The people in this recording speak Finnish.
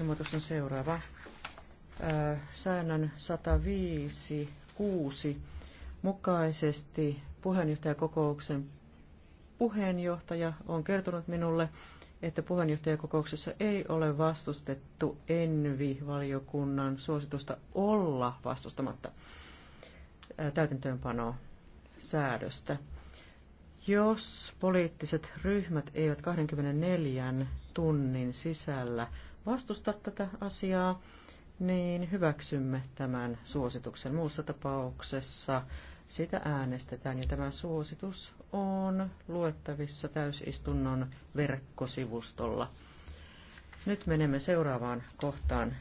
Ilmoitus on seuraava. Säännön 105.6 mukaisesti puheenjohtajakokouksen puheenjohtaja on kertonut minulle, että puheenjohtajakokouksessa ei ole vastustettu ENVI-valiokunnan suositusta olla vastustamatta täytäntöönpanoa säädöstä. Jos poliittiset ryhmät eivät 24 tunnin sisällä vastusta tätä asiaa, niin hyväksymme tämän suosituksen. Muussa tapauksessa sitä äänestetään ja tämä suositus on luettavissa täysistunnon verkkosivustolla. Nyt menemme seuraavaan kohtaan.